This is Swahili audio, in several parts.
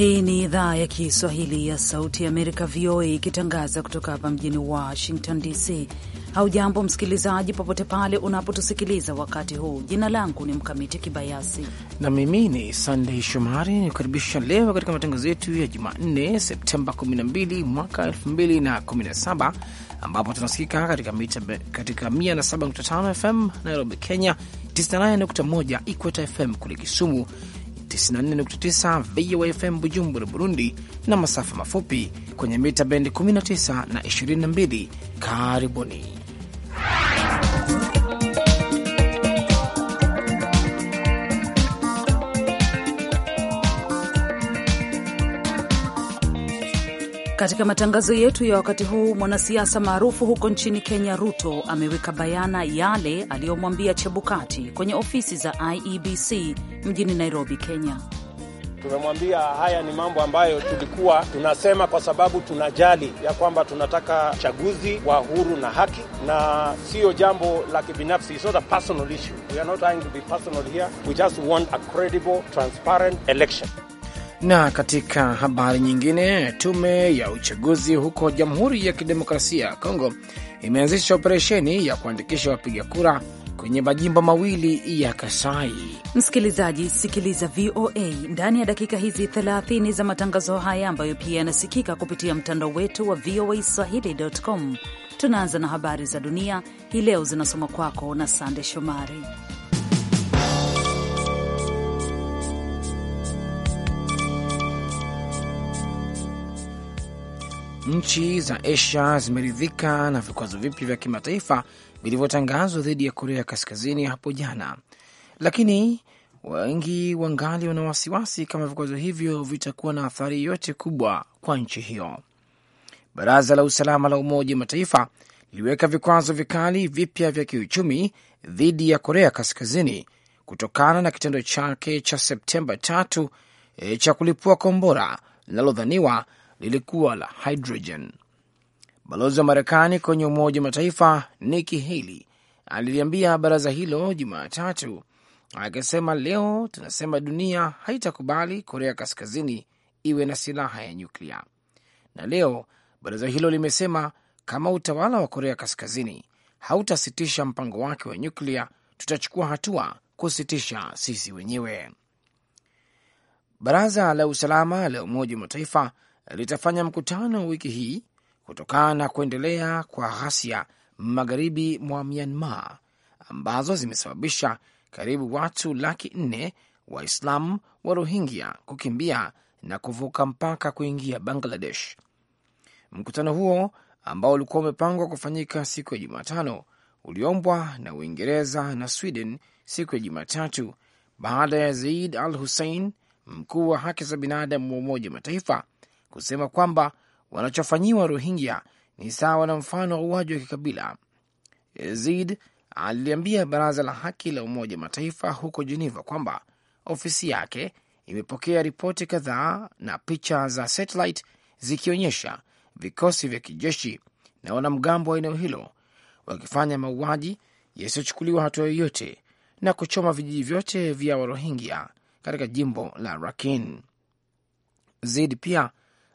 Hii ni idhaa ya Kiswahili ya Sauti ya Amerika, VOA, ikitangaza kutoka hapa mjini Washington DC. Haujambo msikilizaji, popote pale unapotusikiliza wakati huu. Jina langu ni Mkamiti Kibayasi na mimi ni Sandei Shomari, nikukaribisha leo katika matangazo yetu ya Jumanne, Septemba 12 mwaka 2017, ambapo tunasikika katika mita katika 107.5 FM Nairobi, Kenya, 99.1 Ikweta FM kule Kisumu 94.9 VOA FM Bujumbura, Burundi, na masafa mafupi kwenye mita bendi 19 na 22. Karibuni. Katika matangazo yetu ya wakati huu, mwanasiasa maarufu huko nchini Kenya, Ruto ameweka bayana yale aliyomwambia Chebukati kwenye ofisi za IEBC mjini Nairobi, Kenya. Tumemwambia haya ni mambo ambayo tulikuwa tunasema kwa sababu tunajali ya kwamba tunataka chaguzi wa huru na haki, na siyo jambo la kibinafsi. It's not a personal issue. We are not trying to be personal here. We just want a credible, transparent election. Na katika habari nyingine, tume ya uchaguzi huko Jamhuri ya Kidemokrasia ya Kongo imeanzisha operesheni ya kuandikisha wapiga kura kwenye majimbo mawili ya Kasai. Msikilizaji, sikiliza VOA ndani ya dakika hizi 30 za matangazo haya ambayo pia yanasikika kupitia mtandao wetu wa VOA swahili.com. Tunaanza na habari za dunia hii leo, zinasoma kwako na Sande Shomari. nchi za Asia zimeridhika na vikwazo vipya vya kimataifa vilivyotangazwa dhidi ya Korea Kaskazini hapo jana, lakini wengi wangali wana wasiwasi kama vikwazo hivyo vitakuwa na athari yote kubwa kwa nchi hiyo. Baraza la Usalama la Umoja wa Mataifa liliweka vikwazo vikali vipya vya kiuchumi dhidi ya Korea Kaskazini kutokana na kitendo chake cha Septemba tatu e, cha kulipua kombora linalodhaniwa lilikuwa la hydrogen. Balozi wa Marekani kwenye Umoja wa Mataifa Nikki Haley aliliambia baraza hilo Jumatatu akisema, leo tunasema dunia haitakubali Korea Kaskazini iwe na silaha ya nyuklia, na leo baraza hilo limesema kama utawala wa Korea Kaskazini hautasitisha mpango wake wa nyuklia, tutachukua hatua kusitisha sisi wenyewe. Baraza la usalama la Umoja wa Mataifa litafanya mkutano wiki hii kutokana na kuendelea kwa ghasia magharibi mwa Myanmar ambazo zimesababisha karibu watu laki nne Waislamu wa Rohingya kukimbia na kuvuka mpaka kuingia Bangladesh. Mkutano huo ambao ulikuwa umepangwa kufanyika siku ya Jumatano uliombwa na Uingereza na Sweden siku ya Jumatatu baada ya zaid al Hussein, mkuu wa haki za binadamu wa Umoja Mataifa, kusema kwamba wanachofanyiwa Rohingya ni sawa na mfano wa uwaji wa kikabila. Zid aliliambia baraza la haki la Umoja Mataifa huko jeneva kwamba ofisi yake imepokea ripoti kadhaa na picha za satellite zikionyesha vikosi vya kijeshi na wanamgambo wa eneo hilo wakifanya mauaji yasiyochukuliwa hatua yoyote na kuchoma vijiji vyote vya Warohingya katika jimbo la Rakhine. Zid pia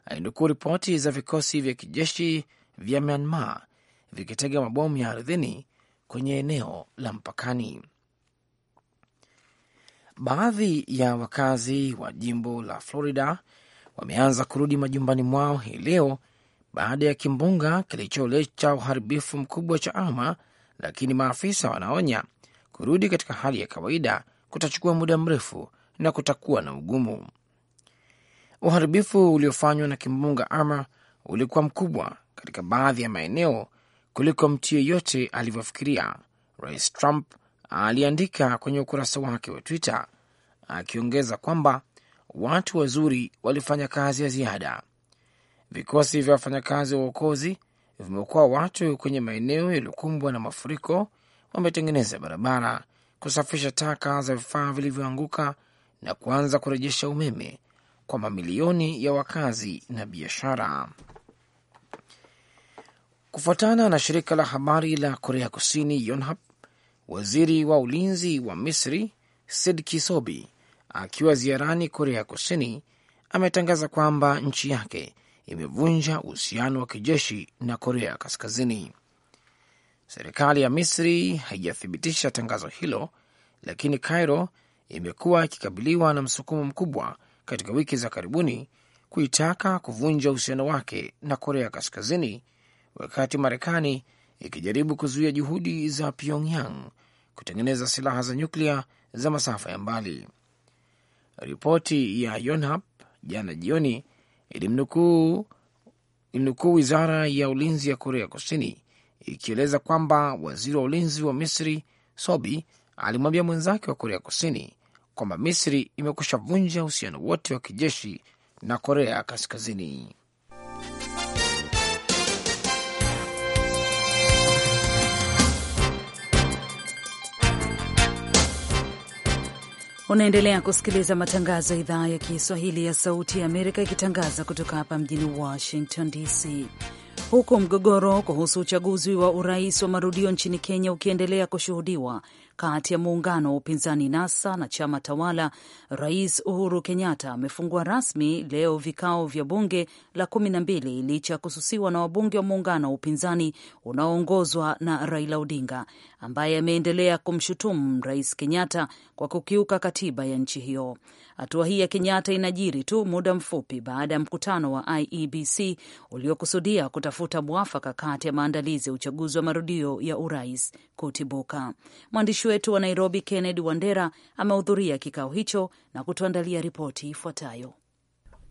alinukuu ripoti za vikosi vya kijeshi vya Myanmar vikitega mabomu ya ardhini kwenye eneo la mpakani. Baadhi ya wakazi wa jimbo la Florida wameanza kurudi majumbani mwao hii leo baada ya kimbunga kilicholeta uharibifu mkubwa cha ama, lakini maafisa wanaonya kurudi katika hali ya kawaida kutachukua muda mrefu na kutakuwa na ugumu uharibifu uliofanywa na kimbunga Irma ulikuwa mkubwa katika baadhi ya maeneo kuliko mtu yeyote alivyofikiria, Rais Trump aliandika kwenye ukurasa wake wa Twitter, akiongeza kwamba watu wazuri walifanya kazi ya ziada. Vikosi vya wafanyakazi wa uokozi vimeokoa watu kwenye maeneo yaliyokumbwa na mafuriko, wametengeneza barabara, kusafisha taka za vifaa vilivyoanguka na kuanza kurejesha umeme kwa mamilioni ya wakazi na biashara. Kufuatana na shirika la habari la Korea Kusini Yonhap, waziri wa ulinzi wa Misri Sidki Sobi akiwa ziarani Korea Kusini ametangaza kwamba nchi yake imevunja uhusiano wa kijeshi na Korea Kaskazini. Serikali ya Misri haijathibitisha tangazo hilo, lakini Cairo imekuwa ikikabiliwa na msukumo mkubwa katika wiki za karibuni kuitaka kuvunja uhusiano wake na Korea Kaskazini, wakati Marekani ikijaribu kuzuia juhudi za Pyongyang kutengeneza silaha za nyuklia za masafa ya mbali. Ripoti ya Yonhap jana jioni ilimnukuu ilinukuu wizara ya ulinzi ya Korea Kusini ikieleza kwamba waziri wa ulinzi wa Misri Sobi alimwambia mwenzake wa Korea Kusini kwamba Misri imekwisha vunja uhusiano wote wa kijeshi na Korea Kaskazini. Unaendelea kusikiliza matangazo ya idhaa ya Kiswahili ya Sauti ya Amerika ikitangaza kutoka hapa mjini Washington DC. Huku mgogoro kuhusu uchaguzi wa urais wa marudio nchini Kenya ukiendelea kushuhudiwa, kati ya muungano wa upinzani NASA na chama tawala, Rais Uhuru Kenyatta amefungua rasmi leo vikao vya bunge la kumi na mbili licha ya kususiwa na wabunge wa muungano wa upinzani unaoongozwa na Raila Odinga ambaye ameendelea kumshutumu Rais Kenyatta kwa kukiuka katiba ya nchi hiyo. Hatua hii ya Kenyatta inajiri tu muda mfupi baada ya mkutano wa IEBC uliokusudia kutafuta mwafaka kati ya maandalizi ya uchaguzi wa marudio ya urais kutibuka. Mwandishi wetu wa Nairobi, Kennedy Wandera, amehudhuria kikao hicho na kutuandalia ripoti ifuatayo.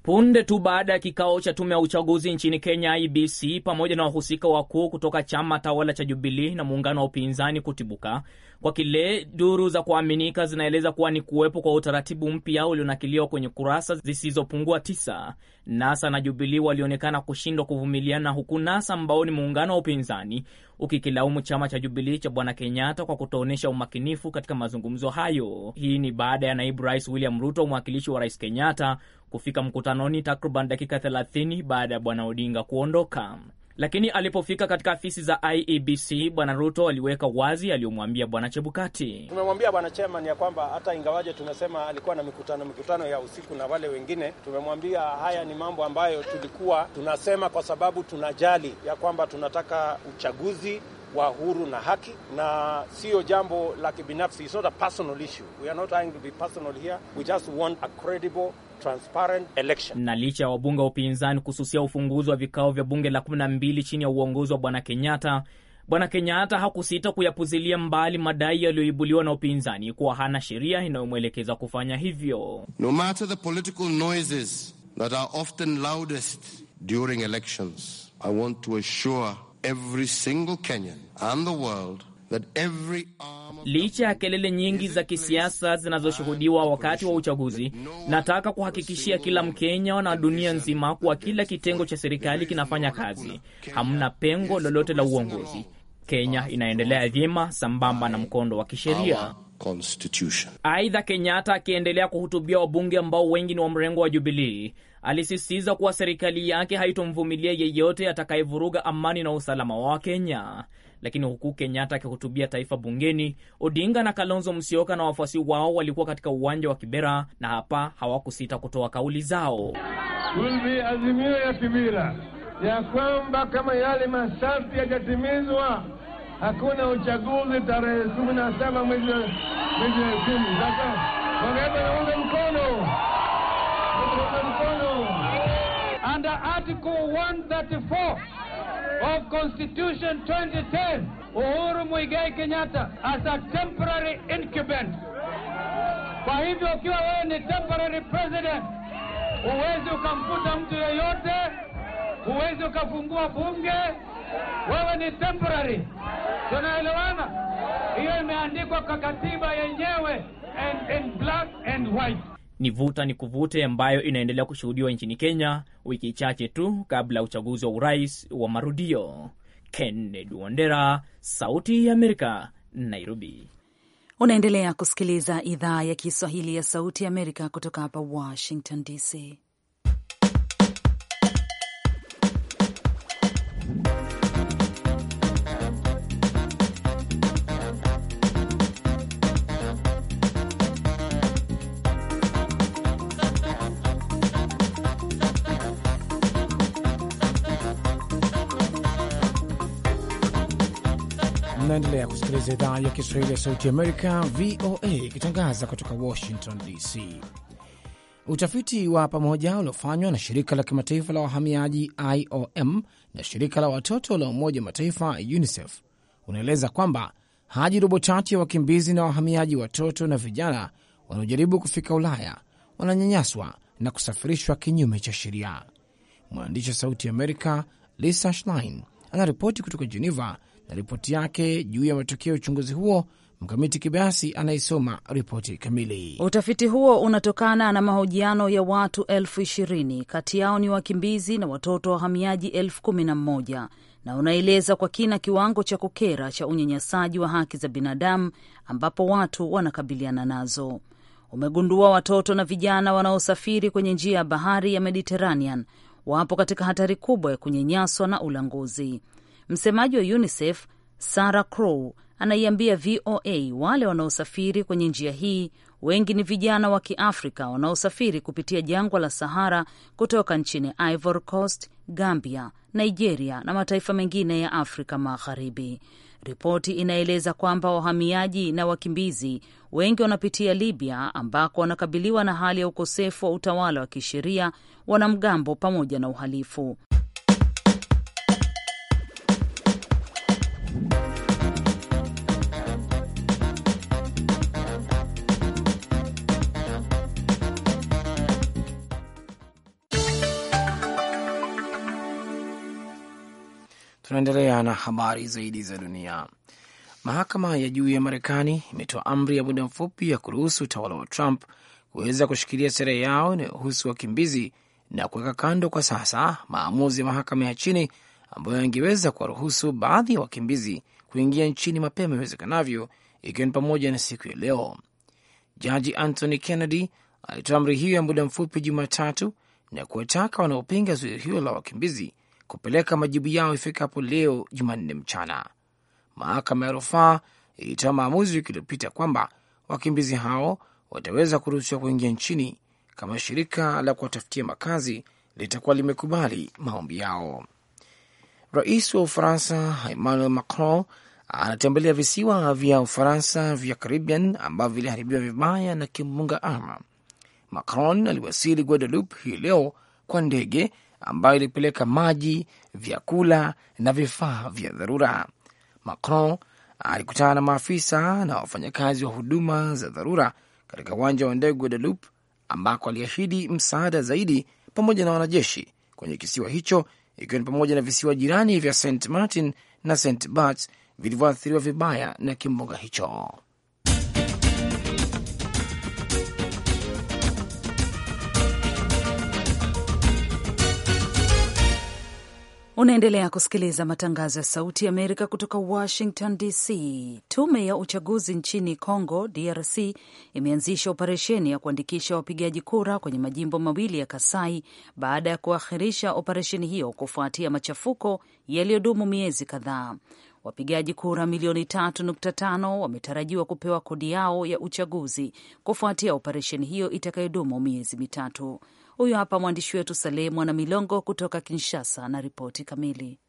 Punde tu baada ya kikao cha tume ya uchaguzi nchini Kenya IBC e pamoja na wahusika wakuu kutoka chama tawala cha Jubilii na muungano wa upinzani kutibuka, kwa kile duru za kuaminika zinaeleza kuwa ni kuwepo kwa utaratibu mpya ulionakiliwa kwenye kurasa zisizopungua tisa. NASA na Jubilii walionekana kushindwa kuvumiliana, huku NASA ambao ni muungano wa upinzani ukikilaumu chama cha Jubilii cha Bwana Kenyatta kwa kutoonyesha umakinifu katika mazungumzo hayo. Hii ni baada ya naibu rais William Ruto, mwakilishi wa rais Kenyatta, kufika mkutanoni takriban dakika 30 baada ya Bwana Odinga kuondoka. Lakini alipofika katika afisi za IEBC, Bwana Ruto aliweka wazi aliyomwambia Bwana Chebukati. Tumemwambia Bwana Chairman ya kwamba hata ingawaje tumesema alikuwa na mikutano mikutano ya usiku na wale wengine, tumemwambia haya ni mambo ambayo tulikuwa tunasema kwa sababu tunajali ya kwamba tunataka uchaguzi wa huru na haki, na sio jambo la kibinafsi. It's not a personal issue, we are not trying to be personal here, we just want a credible transparent election. Na licha ya wabunge wa upinzani kususia ufunguzi wa vikao vya bunge la 12 chini ya uongozi wa bwana Kenyatta, bwana Kenyatta hakusita kuyapuzilia mbali madai yaliyoibuliwa na upinzani kuwa hana sheria inayomwelekeza kufanya hivyo. No matter the political noises that are often loudest during elections, I want to assure every single Kenyan and the world that every arm of... Licha ya kelele nyingi za kisiasa zinazoshuhudiwa wakati wa uchaguzi, nataka kuhakikishia kila Mkenya na dunia nzima kuwa kila kitengo cha serikali kinafanya kazi. Hamna pengo lolote la uongozi. Kenya inaendelea vyema sambamba na mkondo wa kisheria. Aidha, Kenyatta akiendelea kuhutubia wabunge ambao wengi ni wa mrengo wa Jubilii alisisitiza kuwa serikali yake haitomvumilia yeyote atakayevuruga amani na usalama wa Kenya. Lakini huku Kenyatta akihutubia taifa bungeni, Odinga na Kalonzo Musyoka na wafuasi wao walikuwa katika uwanja wa Kibera na hapa hawakusita kutoa kauli zao. Azimio ya Kibera ya kwamba kama yale masharti yajatimizwa hakuna uchaguzi tarehe kumi na saba mwezi wa kumi. Sasa wanaenda naunga mkono under Article 134 of Constitution 2010, Uhuru Muigai Kenyatta as a temporary incumbent. Kwa hivyo ukiwa wewe ni temporary president, huwezi ukamfuta mtu yeyote, huwezi ukafungua bunge, wewe ni temporary. Tunaelewana? Hiyo imeandikwa kwa katiba yenyewe and in black and white ni vuta ni kuvute ambayo inaendelea kushuhudiwa nchini Kenya wiki chache tu kabla ya uchaguzi wa urais wa marudio. Kennedy Wandera, Sauti ya Amerika, Nairobi. Unaendelea kusikiliza idhaa ya Kiswahili ya Sauti ya Amerika kutoka hapa Washington DC. Mnaendelea kusikiliza idhaa ya Kiswahili ya Sauti Amerika, VOA, ikitangaza kutoka Washington DC. Utafiti wa pamoja uliofanywa na shirika la kimataifa la wahamiaji IOM na shirika la watoto la Umoja wa Mataifa UNICEF unaeleza kwamba hadi robo tatu ya wakimbizi na wahamiaji watoto na vijana wanaojaribu kufika Ulaya wananyanyaswa na kusafirishwa kinyume cha sheria. Mwandishi wa Sauti Amerika Lisa Schlein anaripoti kutoka Geneva na ripoti yake juu ya matokeo ya uchunguzi huo. Mkamiti Kibayasi anayesoma ripoti kamili. Utafiti huo unatokana na mahojiano ya watu elfu ishirini kati yao ni wakimbizi na watoto wa wahamiaji elfu kumi na mmoja na unaeleza kwa kina kiwango cha kukera cha unyanyasaji wa haki za binadamu ambapo watu wanakabiliana nazo. Umegundua watoto na vijana wanaosafiri kwenye njia ya bahari ya Mediterranean wapo katika hatari kubwa ya kunyanyaswa na ulanguzi. Msemaji wa UNICEF Sara Crow anaiambia VOA wale wanaosafiri kwenye njia hii wengi ni vijana wa Kiafrika wanaosafiri kupitia jangwa la Sahara kutoka nchini Ivory Coast, Gambia, Nigeria na mataifa mengine ya Afrika Magharibi. Ripoti inaeleza kwamba wahamiaji na wakimbizi wengi wanapitia Libya, ambako wanakabiliwa na hali ya ukosefu wa utawala wa kisheria, wanamgambo pamoja na uhalifu. Tunaendelea na habari zaidi za dunia. Mahakama ya juu ya Marekani imetoa amri ya muda mfupi ya kuruhusu utawala wa Trump kuweza kushikilia sera yao inayohusu wakimbizi na kuweka kando kwa sasa maamuzi ya mahakama ya chini ambayo yangeweza kuwaruhusu baadhi ya wakimbizi kuingia nchini mapema iwezekanavyo, ikiwa ni pamoja na siku ya leo. Jaji Anthony Kennedy alitoa amri hiyo ya muda mfupi Jumatatu na kuwataka wanaopinga zuio hilo la wakimbizi kupeleka majibu yao ifikapo leo Jumanne mchana. Mahakama ya rufaa ilitoa maamuzi wiki iliyopita kwamba wakimbizi hao wataweza kuruhusiwa kuingia nchini kama shirika la kuwatafutia makazi litakuwa limekubali maombi yao. Rais wa Ufaransa Emmanuel Macron anatembelea visiwa vya Ufaransa vya Caribbean ambavyo viliharibiwa vibaya na kimbunga Irma. Macron aliwasili Guadeloupe hii leo kwa ndege ambayo ilipeleka maji, vyakula na vifaa vya dharura. Macron alikutana na maafisa na wafanyakazi wa huduma za dharura katika uwanja wa ndege wa Dalup ambako aliahidi msaada zaidi pamoja na wanajeshi kwenye kisiwa hicho, ikiwa ni pamoja na visiwa jirani vya St Martin na St Bart vilivyoathiriwa vibaya na kimbunga hicho. Unaendelea kusikiliza matangazo ya Sauti ya Amerika kutoka Washington DC. Tume ya uchaguzi nchini Congo DRC imeanzisha operesheni ya kuandikisha wapigaji kura kwenye majimbo mawili ya Kasai baada ya kuakhirisha operesheni hiyo kufuatia machafuko yaliyodumu miezi kadhaa. Wapigaji kura milioni 3.5 wametarajiwa kupewa kodi yao ya uchaguzi kufuatia operesheni hiyo itakayodumu miezi mitatu. Huyu hapa mwandishi wetu Saleh Mwana Milongo kutoka Kinshasa na ripoti kamili.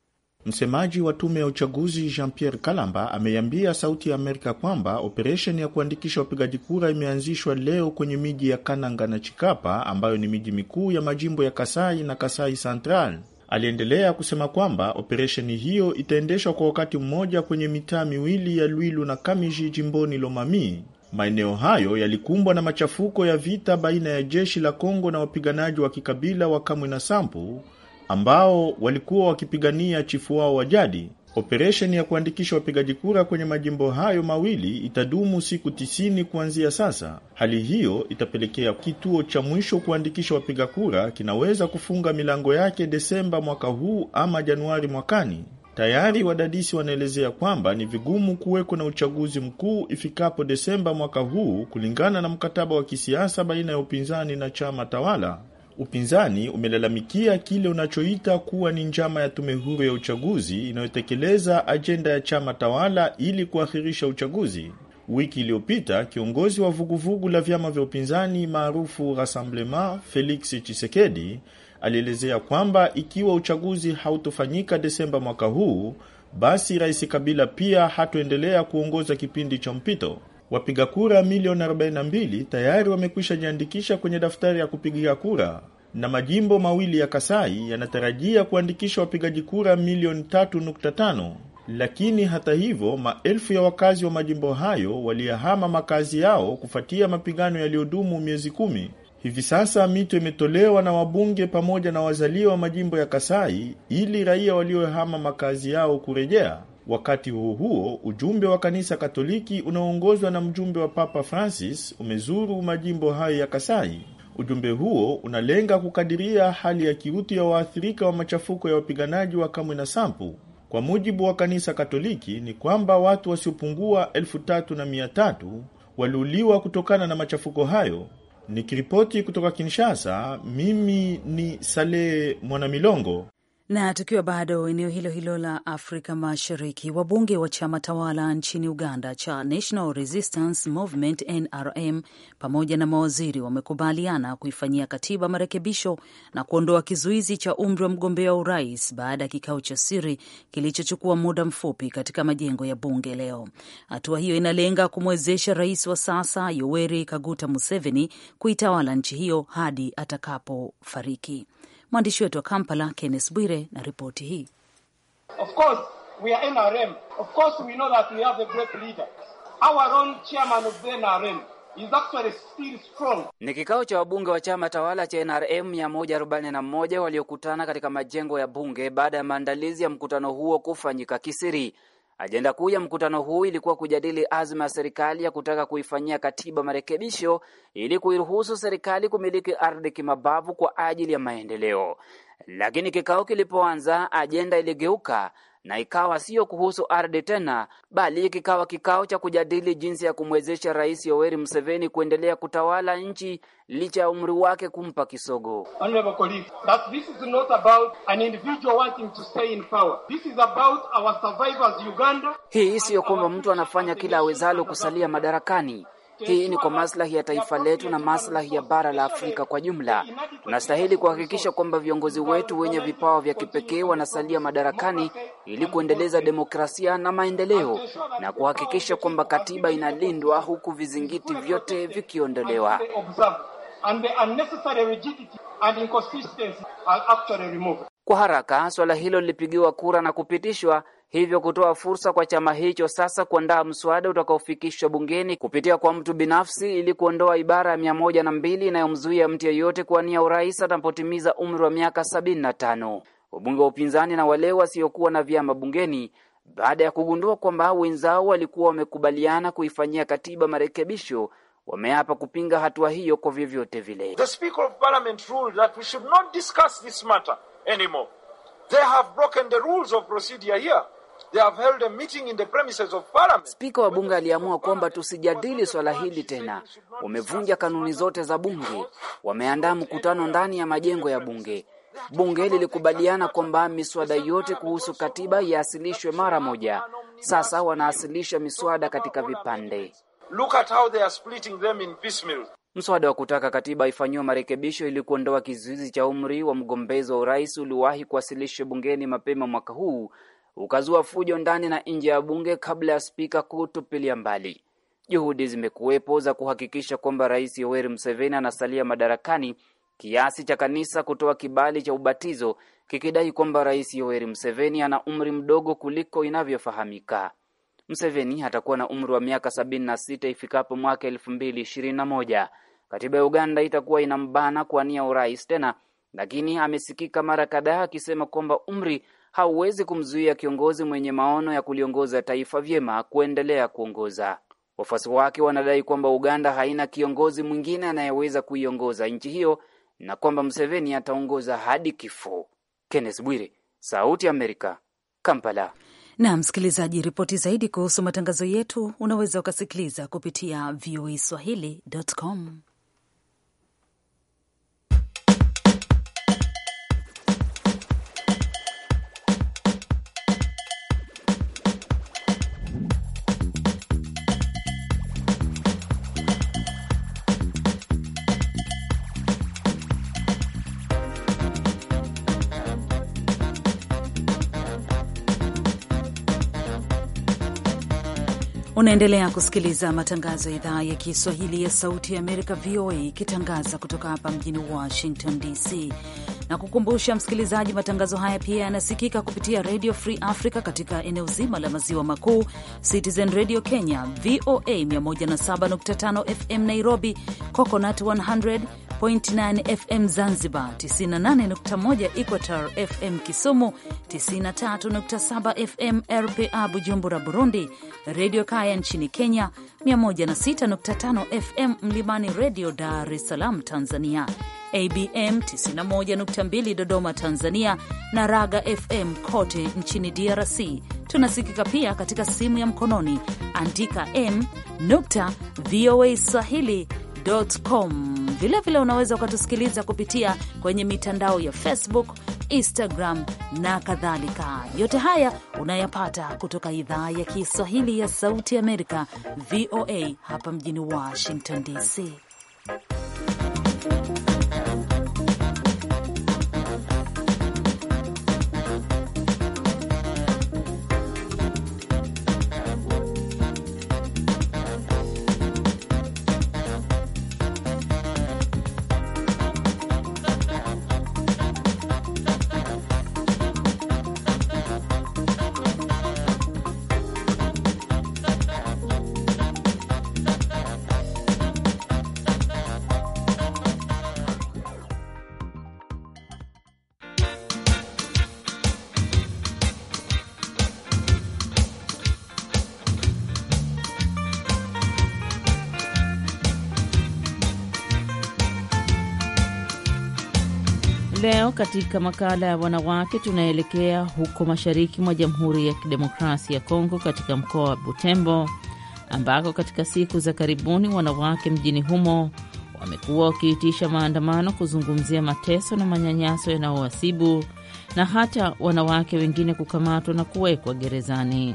Msemaji wa tume ya uchaguzi Jean Pierre Kalamba ameiambia Sauti ya Amerika kwamba operesheni ya kuandikisha wapigaji kura imeanzishwa leo kwenye miji ya Kananga na Chikapa ambayo ni miji mikuu ya majimbo ya Kasai na Kasai Central. Aliendelea kusema kwamba operesheni hiyo itaendeshwa kwa wakati mmoja kwenye mitaa miwili ya Lwilu na Kamiji jimboni Lomami. Maeneo hayo yalikumbwa na machafuko ya vita baina ya jeshi la Kongo na wapiganaji wa kikabila wa Kamwina Sampu ambao walikuwa wakipigania chifu wao wa jadi. Operesheni ya kuandikisha wapigaji kura kwenye majimbo hayo mawili itadumu siku 90 kuanzia sasa. Hali hiyo itapelekea kituo cha mwisho kuandikisha wapiga kura kinaweza kufunga milango yake Desemba mwaka huu ama Januari mwakani. Tayari wadadisi wanaelezea kwamba ni vigumu kuweko na uchaguzi mkuu ifikapo Desemba mwaka huu kulingana na mkataba wa kisiasa baina ya upinzani na chama tawala. Upinzani umelalamikia kile unachoita kuwa ni njama ya tume huru ya uchaguzi inayotekeleza ajenda ya chama tawala ili kuahirisha uchaguzi. Wiki iliyopita kiongozi wa vuguvugu la vyama vya upinzani maarufu Rassemblement, Felix Tshisekedi alielezea kwamba ikiwa uchaguzi hautofanyika Desemba mwaka huu, basi Rais Kabila pia hatoendelea kuongoza kipindi cha mpito. Wapiga kura milioni 42 tayari wamekwisha jiandikisha kwenye daftari ya kupigia kura na majimbo mawili ya Kasai yanatarajia kuandikisha wapigaji kura milioni 3.5. Lakini hata hivyo, maelfu ya wakazi wa majimbo hayo waliyahama makazi yao kufuatia mapigano yaliyodumu miezi kumi. Hivi sasa mito imetolewa na wabunge pamoja na wazalia wa majimbo ya Kasai ili raia waliohama makazi yao kurejea. Wakati huo huo, ujumbe wa kanisa Katoliki unaoongozwa na mjumbe wa Papa Francis umezuru majimbo hayo ya Kasai. Ujumbe huo unalenga kukadiria hali ya kiutu ya waathirika wa machafuko ya wapiganaji wa Kamwe na Sampu. Kwa mujibu wa kanisa Katoliki ni kwamba watu wasiopungua elfu tatu na mia tatu waliuliwa kutokana na machafuko hayo Nikiripoti kutoka Kinshasa, mimi ni Sale Mwanamilongo. Na tukiwa bado eneo hilo hilo la Afrika Mashariki, wabunge wa chama tawala nchini Uganda cha National Resistance Movement NRM pamoja na mawaziri wamekubaliana kuifanyia katiba marekebisho na kuondoa kizuizi cha umri wa mgombea wa urais baada ya kikao cha siri kilichochukua muda mfupi katika majengo ya bunge leo. Hatua hiyo inalenga kumwezesha rais wa sasa Yoweri Kaguta Museveni kuitawala nchi hiyo hadi atakapofariki. Mwandishi wetu wa Kampala, Kenneth Bwire, na ripoti hii. Of course we are NRM. Of course we know that we have a great leader. Our own chairman of the NRM. Ni kikao cha wabunge wa chama tawala cha NRM 141 waliokutana katika majengo ya bunge baada ya maandalizi ya mkutano huo kufanyika kisiri. Ajenda kuu ya mkutano huu ilikuwa kujadili azma ya serikali ya kutaka kuifanyia katiba marekebisho ili kuiruhusu serikali kumiliki ardhi kimabavu kwa ajili ya maendeleo. Lakini kikao kilipoanza, ajenda iligeuka na ikawa sio kuhusu ardhi tena, bali kikawa kikao cha kujadili jinsi ya kumwezesha Rais Yoweri Museveni kuendelea kutawala nchi licha ya umri wake kumpa kisogo. Hii siyo kwamba mtu anafanya kila awezalo kusalia madarakani hii ni kwa maslahi ya taifa letu na maslahi ya bara la Afrika kwa jumla. Tunastahili kuhakikisha kwamba viongozi wetu wenye vipawa vya kipekee wanasalia madarakani ili kuendeleza demokrasia na maendeleo na kuhakikisha kwamba katiba inalindwa huku vizingiti vyote vikiondolewa. Kwa haraka swala hilo lilipigiwa kura na kupitishwa, hivyo kutoa fursa kwa chama hicho sasa kuandaa mswada utakaofikishwa bungeni kupitia kwa mtu binafsi ili kuondoa ibara ya mia moja na mbili inayomzuia mtu yeyote kuwania urais atakapotimiza umri wa miaka sabini na tano. Wabunge wa upinzani na wale wasiokuwa na vyama bungeni baada ya kugundua kwamba wenzao walikuwa wamekubaliana kuifanyia katiba marekebisho wameapa kupinga hatua hiyo kwa vyovyote vile. The Speaker of Parliament ruled that we should not discuss this matter anymore. They have broken the rules of procedure here. They have held a meeting in the premises of parliament. Spika wa bunge aliamua kwamba tusijadili swala hili tena. Wamevunja kanuni zote za bunge, wameandaa mkutano ndani ya majengo ya bunge. Bunge lilikubaliana kwamba miswada yote kuhusu katiba yawasilishwe mara moja. Sasa wanaasilisha miswada katika vipande. Look at how they are splitting them in piecemeal. Mswada wa kutaka katiba ifanyiwe marekebisho ili kuondoa kizuizi cha umri wa mgombezi wa urais uliowahi kuwasilishwa bungeni mapema mwaka huu ukazua fujo ndani na nje ya bunge kabla ya spika kutupilia mbali. Juhudi zimekuwepo za kuhakikisha kwamba Rais Yoweri Museveni anasalia madarakani, kiasi cha kanisa kutoa kibali cha ubatizo kikidai kwamba Rais Yoweri Museveni ana umri mdogo kuliko inavyofahamika. Museveni atakuwa na umri wa miaka 76 ifikapo mwaka 2021 katiba ya Uganda itakuwa inambana kuwania urais tena, lakini amesikika mara kadhaa akisema kwamba umri hauwezi kumzuia kiongozi mwenye maono ya kuliongoza taifa vyema kuendelea kuongoza. Wafuasi wake wanadai kwamba Uganda haina kiongozi mwingine anayeweza kuiongoza nchi hiyo na kwamba mseveni ataongoza hadi kifo. Kenneth Bwire, Sauti ya Amerika, Kampala. Na msikilizaji, ripoti zaidi kuhusu matangazo yetu unaweza ukasikiliza kupitia voaswahili.com. Unaendelea kusikiliza matangazo ya idhaa ya Kiswahili ya Sauti ya Amerika, VOA, ikitangaza kutoka hapa mjini Washington DC na kukumbusha msikilizaji, matangazo haya pia yanasikika kupitia Radio Free Africa katika eneo zima la maziwa makuu, Citizen Radio Kenya, VOA 107.5 FM Nairobi, Coconut 100 98.9 FM Zanzibar, 98.1 Equator FM Kisumu, 93.7 FM RPA Bujumbura Burundi, Redio Kaya nchini Kenya, 106.5 FM Mlimani Redio Dar es Salaam Tanzania, ABM 91.2 Dodoma Tanzania na Raga FM kote nchini DRC. Tunasikika pia katika simu ya mkononi, andika m voa swahili com. Vilevile unaweza ukatusikiliza kupitia kwenye mitandao ya Facebook, Instagram na kadhalika. Yote haya unayapata kutoka idhaa ya Kiswahili ya Sauti Amerika, VOA hapa mjini Washington DC. leo katika makala ya wanawake tunaelekea huko mashariki mwa Jamhuri ya Kidemokrasia ya Kongo katika mkoa wa Butembo ambako katika siku za karibuni wanawake mjini humo wamekuwa wakiitisha maandamano kuzungumzia mateso na manyanyaso yanayowasibu na hata wanawake wengine kukamatwa na kuwekwa gerezani.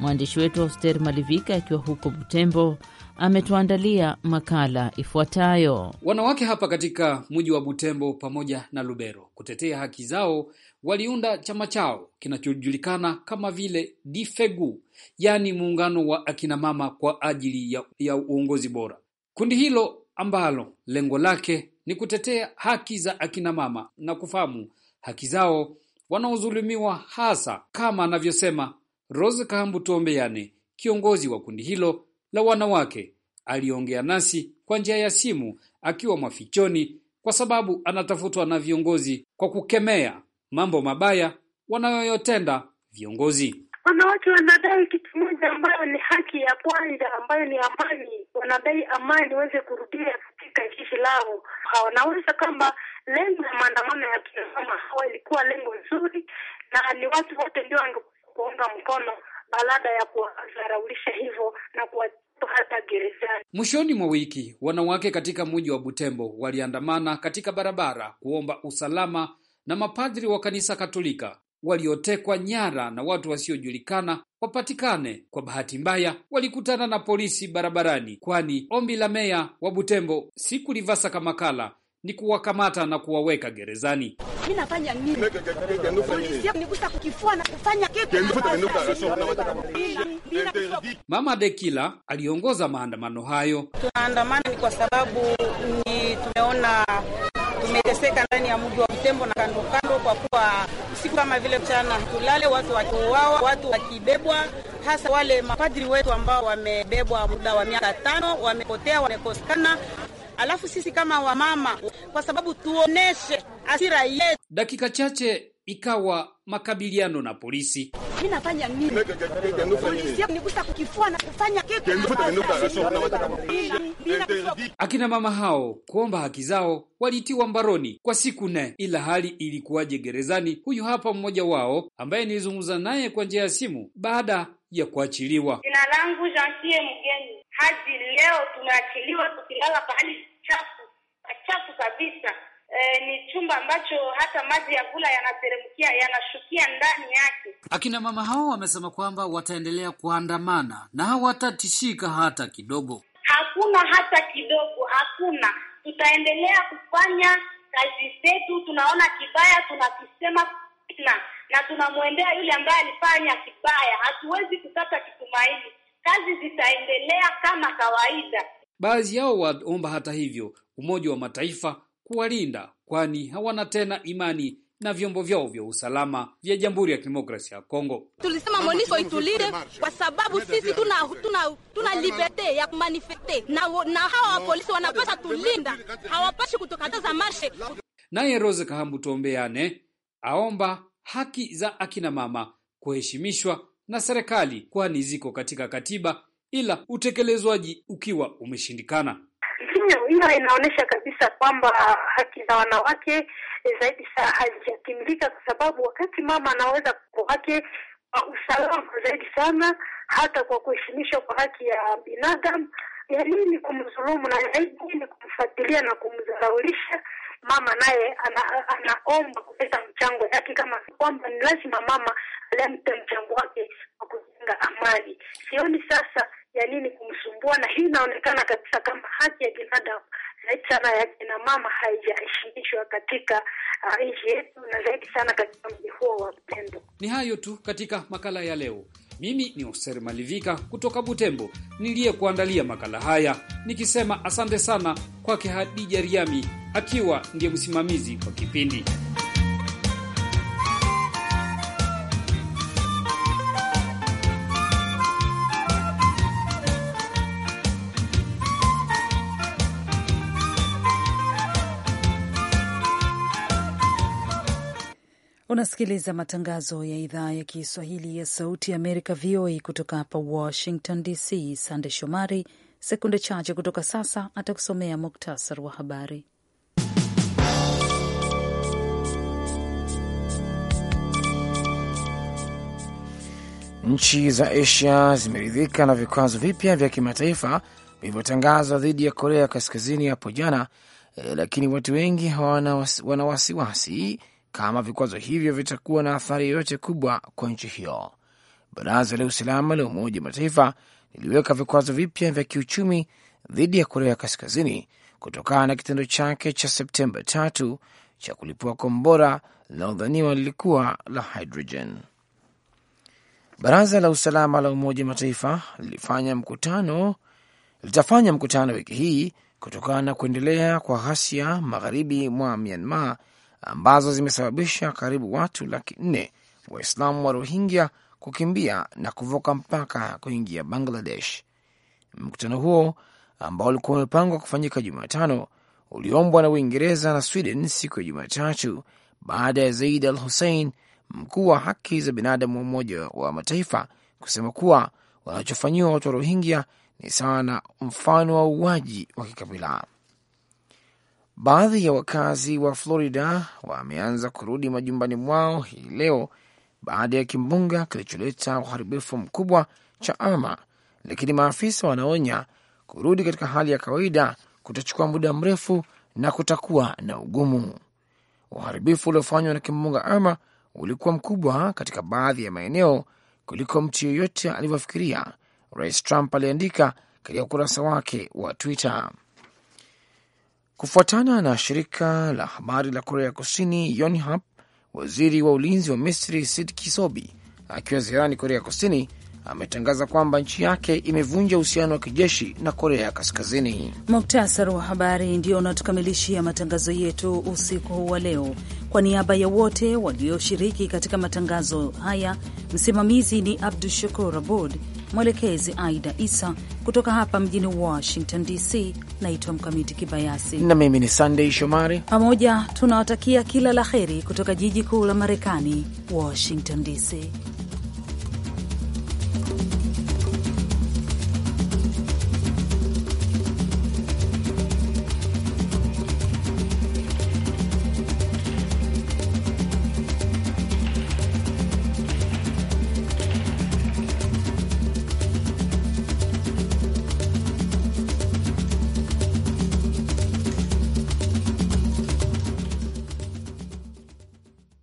Mwandishi wetu Auster Malivika akiwa huko Butembo ametuandalia makala ifuatayo. Wanawake hapa katika mji wa Butembo pamoja na Lubero kutetea haki zao waliunda chama chao kinachojulikana kama vile Difegu, yaani muungano wa akinamama kwa ajili ya, ya uongozi bora. Kundi hilo ambalo lengo lake ni kutetea haki za akinamama na kufahamu haki zao wanaodhulumiwa, hasa kama anavyosema Rose Kahambu Tombeyane, kiongozi wa kundi hilo la wanawake. Aliongea nasi kwa njia ya simu akiwa mwafichoni kwa sababu anatafutwa na viongozi kwa kukemea mambo mabaya wanayoyotenda viongozi. Wanawake wanadai kitu moja ambayo ni haki ya kwanza ambayo ni amani. Wanadai amani iweze kurudia katika nchi lao. Hawanaweza kwamba lengo ya maandamano ya kina mama hawa ilikuwa lengo nzuri, na ni watu wote ndio wangekuunga mkono, baada ya kuwadharaulisha hivyo na kuwa hata gerezani. Mwishoni mwa wiki wanawake katika mji wa Butembo waliandamana katika barabara kuomba usalama na mapadri wa kanisa Katolika waliotekwa nyara na watu wasiojulikana wapatikane. Kwa bahati mbaya, walikutana na polisi barabarani, kwani ombi la meya wa Butembo Siku Livasa Kamakala ni kuwakamata na kuwaweka gerezani. Mama Dekila aliongoza maandamano hayo. Tunaandamana ni kwa sababu ni tumeona tumeteseka ndani ya mji wa Butembo na kando kando, kwa kuwa siku kama vile mchana hatulale, watu wakiuawa, watu wakibebwa, hasa wale mapadri wetu ambao wamebebwa muda wa miaka tano, wamepotea, wamekosekana alafu sisi kama wamama, kwa sababu tuoneshe asira yetu. Dakika chache ikawa makabiliano na polisi. Akina mama hao kuomba haki zao walitiwa mbaroni kwa siku nne, ila hali ilikuwaje gerezani? Huyu hapa mmoja wao ambaye nilizungumza naye kwa njia ya simu baada ya kuachiliwa. Jina langu Jantie Mgeni. Hadi leo tumeachiliwa tukilala pahali chafu chafu kabisa. E, ni chumba ambacho hata maji ya kula yanateremkia yanashukia ndani yake. Akina mama hao wamesema kwamba wataendelea kuandamana na hawatatishika hata kidogo. Hakuna hata kidogo, hakuna. Tutaendelea kufanya kazi zetu, tunaona kibaya tunakisema na na tunamwendea yule ambaye alifanya kibaya. Hatuwezi kukata kitumaini, kazi zitaendelea kama kawaida. Baadhi yao waomba hata hivyo Umoja wa Mataifa kuwalinda, kwani hawana tena imani na vyombo vyao vya usalama vya Jamhuri ya Kidemokrasia ya Kongo. Tulisema Moniko itulinde kwa sababu sisi tuna tuna, tuna liberte ya kumanifeste na, na hawa wapolisi wanapasha tulinda, hawapashi kutokataza marshe. Naye Rose Kahambu tuombeane aomba haki za akina mama kuheshimishwa na serikali, kwani ziko katika katiba, ila utekelezwaji ukiwa umeshindikana. Hiyo inaonyesha kabisa kwamba haki za wanawake eh, zaidi sa hazijatimilika, kwa sababu wakati mama anaweza kuko wake kwa usalama zaidi sana, hata kwa kuheshimishwa kwa haki ya binadamu, ya nini kumdhulumu na ya kumfuatilia na kumdharaulisha? Mama naye anaomba ana kuleta kwamba ni lazima mama alempe mchango wake wa kujenga amani. Sioni sasa ya nini kumsumbua, na hii inaonekana kabisa kama haki ya binadamu zaidi sana ya kina mama haijashindishwa katika uh, nchi yetu na zaidi sana katika mji huo wa Butembo. Ni hayo tu katika makala ya leo. Mimi ni Oser Malivika kutoka Butembo niliyekuandalia makala haya, nikisema asante sana kwake Hadija Riami akiwa ndiye msimamizi wa kipindi. Unasikiliza matangazo ya idhaa ya Kiswahili ya Sauti ya Amerika, VOA, kutoka hapa Washington DC. Sande Shomari sekunde chache kutoka sasa atakusomea muktasar wa habari. Nchi za Asia zimeridhika na vikwazo vipya vya kimataifa vilivyotangazwa dhidi ya Korea Kaskazini hapo jana, eh, lakini watu wengi hawana wasiwasi kama vikwazo hivyo vitakuwa na athari yoyote kubwa kwa nchi hiyo. Baraza la Usalama la Umoja wa Mataifa liliweka vikwazo vipya vya kiuchumi dhidi ya Korea Kaskazini kutokana na kitendo chake cha Septemba tatu cha kulipua kombora linalodhaniwa lilikuwa la hydrogen. Baraza la Usalama la Umoja wa Mataifa lilifanya mkutano litafanya mkutano wiki hii kutokana na kuendelea kwa ghasia magharibi mwa Myanmar ambazo zimesababisha karibu watu laki nne Waislamu wa Rohingya kukimbia na kuvuka mpaka kuingia Bangladesh. Mkutano huo ambao ulikuwa umepangwa kufanyika Jumatano uliombwa na Uingereza na Sweden siku ya Jumatatu baada ya Zaid Al Hussein, mkuu wa haki za binadamu wa Umoja wa Mataifa, kusema kuwa wanachofanyiwa watu wa Rohingya ni sawa na mfano wa uuaji wa kikabila. Baadhi ya wakazi wa Florida wameanza kurudi majumbani mwao hii leo baada ya kimbunga kilicholeta uharibifu mkubwa cha Ama, lakini maafisa wanaonya kurudi katika hali ya kawaida kutachukua muda mrefu na kutakuwa na ugumu. Uharibifu uliofanywa na kimbunga Ama ulikuwa mkubwa katika baadhi ya maeneo kuliko mtu yeyote alivyofikiria, Rais Trump aliandika katika ukurasa wake wa Twitter. Kufuatana na shirika la habari la Korea Kusini Yonhap, waziri wa ulinzi wa Misri Sidki Sobi akiwa ziarani Korea Kusini ametangaza kwamba nchi yake imevunja uhusiano wa kijeshi na Korea ya Kaskazini. Muktasari wa habari ndio unatukamilishia matangazo yetu usiku wa leo. Kwa niaba ya wote walioshiriki katika matangazo haya, msimamizi ni Abdu Shakur Abud mwelekezi Aida Isa kutoka hapa mjini Washington DC. Naitwa Mkamiti Kibayasi na mimi ni Sandei Shomari. Pamoja tunawatakia kila la heri kutoka jiji kuu la Marekani, Washington DC.